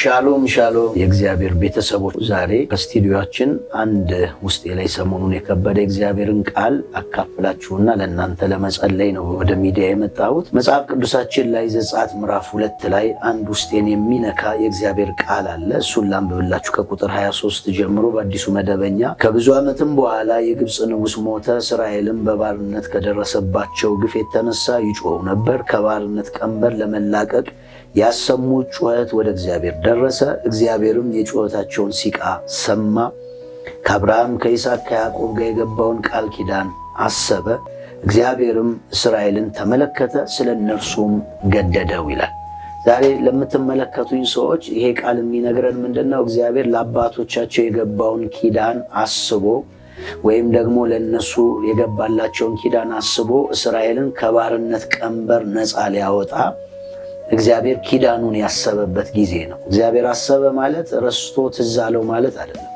ሻሎም ሻሎም የእግዚአብሔር ቤተሰቦች፣ ዛሬ ከስቱዲዮችን አንድ ውስጤ ላይ ሰሞኑን የከበደ እግዚአብሔርን ቃል አካፍላችሁና ለእናንተ ለመጸለይ ነው ወደ ሚዲያ የመጣሁት። መጽሐፍ ቅዱሳችን ላይ ዘጸአት ምዕራፍ ሁለት ላይ አንድ ውስጤን የሚነካ የእግዚአብሔር ቃል አለ። እሱን ላንብብላችሁ ከቁጥር 23 ጀምሮ በአዲሱ መደበኛ። ከብዙ ዓመትም በኋላ የግብፅ ንጉሥ ሞተ። እስራኤልም በባርነት ከደረሰባቸው ግፍ የተነሳ ይጮው ነበር። ከባርነት ቀንበር ለመላቀቅ ያሰሙት ጩኸት ወደ እግዚአብሔር ደረሰ። እግዚአብሔርም የጩኸታቸውን ሲቃ ሰማ። ከአብርሃም ከይስሐቅ፣ ከያዕቆብ ጋር የገባውን ቃል ኪዳን አሰበ። እግዚአብሔርም እስራኤልን ተመለከተ፣ ስለ እነርሱም ገደደው ይላል። ዛሬ ለምትመለከቱኝ ሰዎች ይሄ ቃል የሚነግረን ምንድን ነው? እግዚአብሔር ለአባቶቻቸው የገባውን ኪዳን አስቦ ወይም ደግሞ ለእነሱ የገባላቸውን ኪዳን አስቦ እስራኤልን ከባርነት ቀንበር ነፃ ሊያወጣ እግዚአብሔር ኪዳኑን ያሰበበት ጊዜ ነው። እግዚአብሔር አሰበ ማለት ረስቶ ትዝ አለው ማለት አይደለም።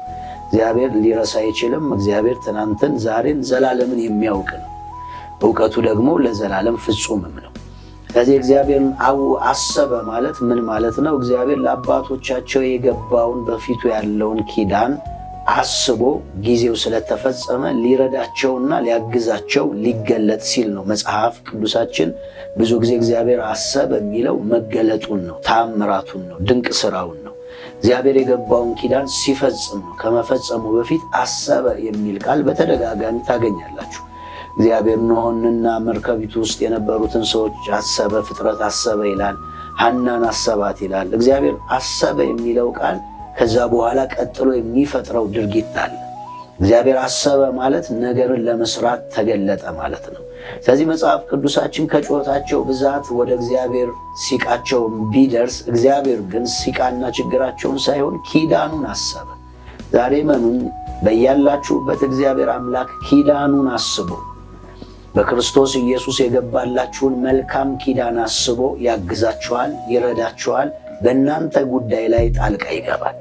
እግዚአብሔር ሊረሳ አይችልም። እግዚአብሔር ትናንትን፣ ዛሬን፣ ዘላለምን የሚያውቅ ነው። እውቀቱ ደግሞ ለዘላለም ፍጹምም ነው። ስለዚህ እግዚአብሔር አሰበ ማለት ምን ማለት ነው? እግዚአብሔር ለአባቶቻቸው የገባውን በፊቱ ያለውን ኪዳን አስቦ ጊዜው ስለተፈጸመ ሊረዳቸውና ሊያግዛቸው ሊገለጥ ሲል ነው። መጽሐፍ ቅዱሳችን ብዙ ጊዜ እግዚአብሔር አሰበ የሚለው መገለጡን ነው፣ ታምራቱን ነው፣ ድንቅ ስራውን ነው። እግዚአብሔር የገባውን ኪዳን ሲፈጽም ነው። ከመፈጸሙ በፊት አሰበ የሚል ቃል በተደጋጋሚ ታገኛላችሁ። እግዚአብሔር ኖኅንና መርከቢቱ ውስጥ የነበሩትን ሰዎች አሰበ፣ ፍጥረት አሰበ ይላል፣ ሐናን አሰባት ይላል። እግዚአብሔር አሰበ የሚለው ቃል ከዛ በኋላ ቀጥሎ የሚፈጥረው ድርጊት አለ። እግዚአብሔር አሰበ ማለት ነገርን ለመስራት ተገለጠ ማለት ነው። ስለዚህ መጽሐፍ ቅዱሳችን ከጩኸታቸው ብዛት ወደ እግዚአብሔር ሲቃቸው ቢደርስ እግዚአብሔር ግን ሲቃና ችግራቸውን ሳይሆን ኪዳኑን አሰበ። ዛሬ መኑን በያላችሁበት እግዚአብሔር አምላክ ኪዳኑን አስቦ በክርስቶስ ኢየሱስ የገባላችሁን መልካም ኪዳን አስቦ ያግዛችኋል፣ ይረዳችኋል። በእናንተ ጉዳይ ላይ ጣልቃ ይገባል።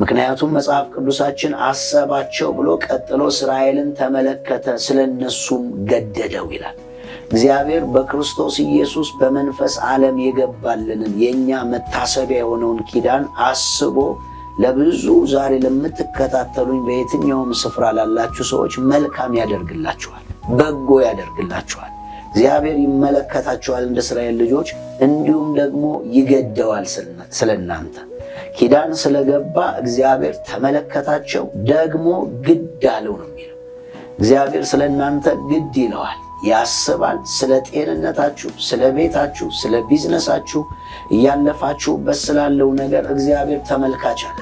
ምክንያቱም መጽሐፍ ቅዱሳችን አሰባቸው ብሎ ቀጥሎ እስራኤልን ተመለከተ፣ ስለ እነሱም ገደደው ይላል። እግዚአብሔር በክርስቶስ ኢየሱስ በመንፈስ ዓለም የገባልንን የእኛ መታሰቢያ የሆነውን ኪዳን አስቦ ለብዙ ዛሬ ለምትከታተሉኝ በየትኛውም ስፍራ ላላችሁ ሰዎች መልካም ያደርግላችኋል፣ በጎ ያደርግላችኋል። እግዚአብሔር ይመለከታቸዋል እንደ እስራኤል ልጆች እንዲሁም ደግሞ ይገደዋል ስለ እናንተ ኪዳን ስለገባ እግዚአብሔር ተመለከታቸው ደግሞ ግድ አለው ነው የሚለው። እግዚአብሔር ስለ እናንተ ግድ ይለዋል፣ ያስባል። ስለ ጤንነታችሁ፣ ስለ ቤታችሁ፣ ስለ ቢዝነሳችሁ፣ እያለፋችሁበት ስላለው ነገር እግዚአብሔር ተመልካች አለ።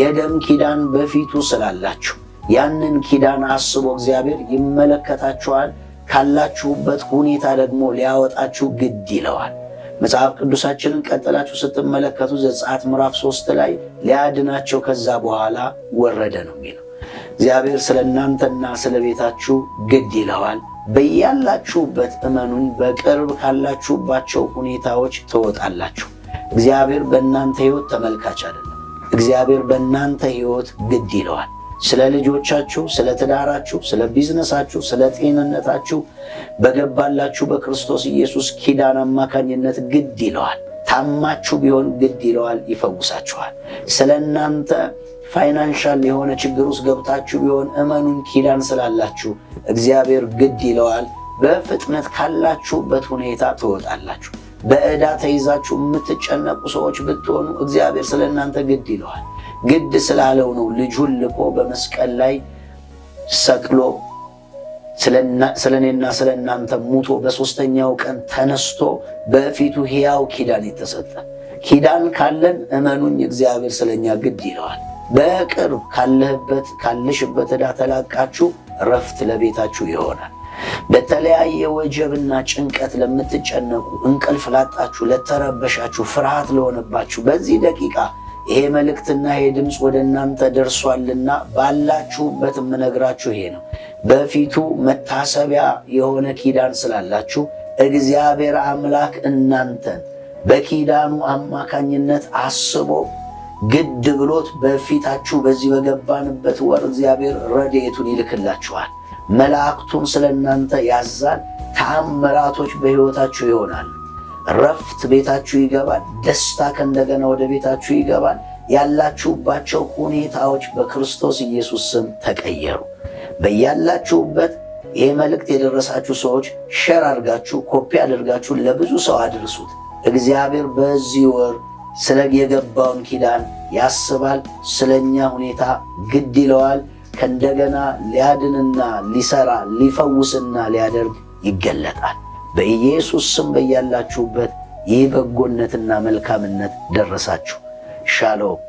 የደም ኪዳን በፊቱ ስላላችሁ ያንን ኪዳን አስቦ እግዚአብሔር ይመለከታችኋል። ካላችሁበት ሁኔታ ደግሞ ሊያወጣችሁ ግድ ይለዋል። መጽሐፍ ቅዱሳችንን ቀጥላችሁ ስትመለከቱ ዘጸአት ምዕራፍ ሶስት ላይ ሊያድናቸው ከዛ በኋላ ወረደ ነው የሚለው። እግዚአብሔር ስለ እናንተና ስለ ቤታችሁ ግድ ይለዋል። በያላችሁበት እመኑን፣ በቅርብ ካላችሁባቸው ሁኔታዎች ትወጣላችሁ። እግዚአብሔር በእናንተ ሕይወት ተመልካች አይደለም። እግዚአብሔር በእናንተ ሕይወት ግድ ይለዋል። ስለ ልጆቻችሁ፣ ስለ ትዳራችሁ፣ ስለ ቢዝነሳችሁ፣ ስለ ጤንነታችሁ በገባላችሁ በክርስቶስ ኢየሱስ ኪዳን አማካኝነት ግድ ይለዋል። ታማችሁ ቢሆን ግድ ይለዋል፣ ይፈውሳችኋል። ስለ እናንተ ፋይናንሻል የሆነ ችግር ውስጥ ገብታችሁ ቢሆን እመኑን ኪዳን ስላላችሁ እግዚአብሔር ግድ ይለዋል። በፍጥነት ካላችሁበት ሁኔታ ትወጣላችሁ። በዕዳ ተይዛችሁ የምትጨነቁ ሰዎች ብትሆኑ እግዚአብሔር ስለ እናንተ ግድ ይለዋል። ግድ ስላለው ነው ልጁን ልኮ በመስቀል ላይ ሰቅሎ ስለ እኔና ስለ እናንተ ሙቶ በሶስተኛው ቀን ተነስቶ በፊቱ ሕያው ኪዳን የተሰጠ ኪዳን ካለን እመኑኝ እግዚአብሔር ስለኛ ግድ ይለዋል። በቅርብ ካለህበት ካለሽበት ዕዳ ተላቃችሁ ረፍት ለቤታችሁ ይሆናል። በተለያየ ወጀብና ጭንቀት ለምትጨነቁ፣ እንቅልፍ ላጣችሁ፣ ለተረበሻችሁ፣ ፍርሃት ለሆነባችሁ በዚህ ደቂቃ ይሄ መልእክትና ይሄ ድምፅ ወደ እናንተ ደርሷልና ባላችሁበት የምነግራችሁ ይሄ ነው። በፊቱ መታሰቢያ የሆነ ኪዳን ስላላችሁ እግዚአብሔር አምላክ እናንተን በኪዳኑ አማካኝነት አስቦ ግድ ብሎት በፊታችሁ በዚህ በገባንበት ወር እግዚአብሔር ረድኤቱን ይልክላችኋል። መላእክቱን ስለ እናንተ ያዛል። ታምራቶች በሕይወታችሁ ይሆናሉ። ረፍት ቤታችሁ ይገባል። ደስታ ከእንደገና ወደ ቤታችሁ ይገባል። ያላችሁባቸው ሁኔታዎች በክርስቶስ ኢየሱስ ስም ተቀየሩ። በያላችሁበት ይህ መልእክት የደረሳችሁ ሰዎች ሸር አድርጋችሁ ኮፒ አድርጋችሁ ለብዙ ሰው አድርሱት። እግዚአብሔር በዚህ ወር ስለ የገባውን ኪዳን ያስባል። ስለኛ ሁኔታ ግድ ይለዋል። ከእንደገና ሊያድንና ሊሰራ ሊፈውስና ሊያደርግ ይገለጣል። በኢየሱስ ስም በያላችሁበት ይህ በጎነትና መልካምነት ደረሳችሁ። ሻሎም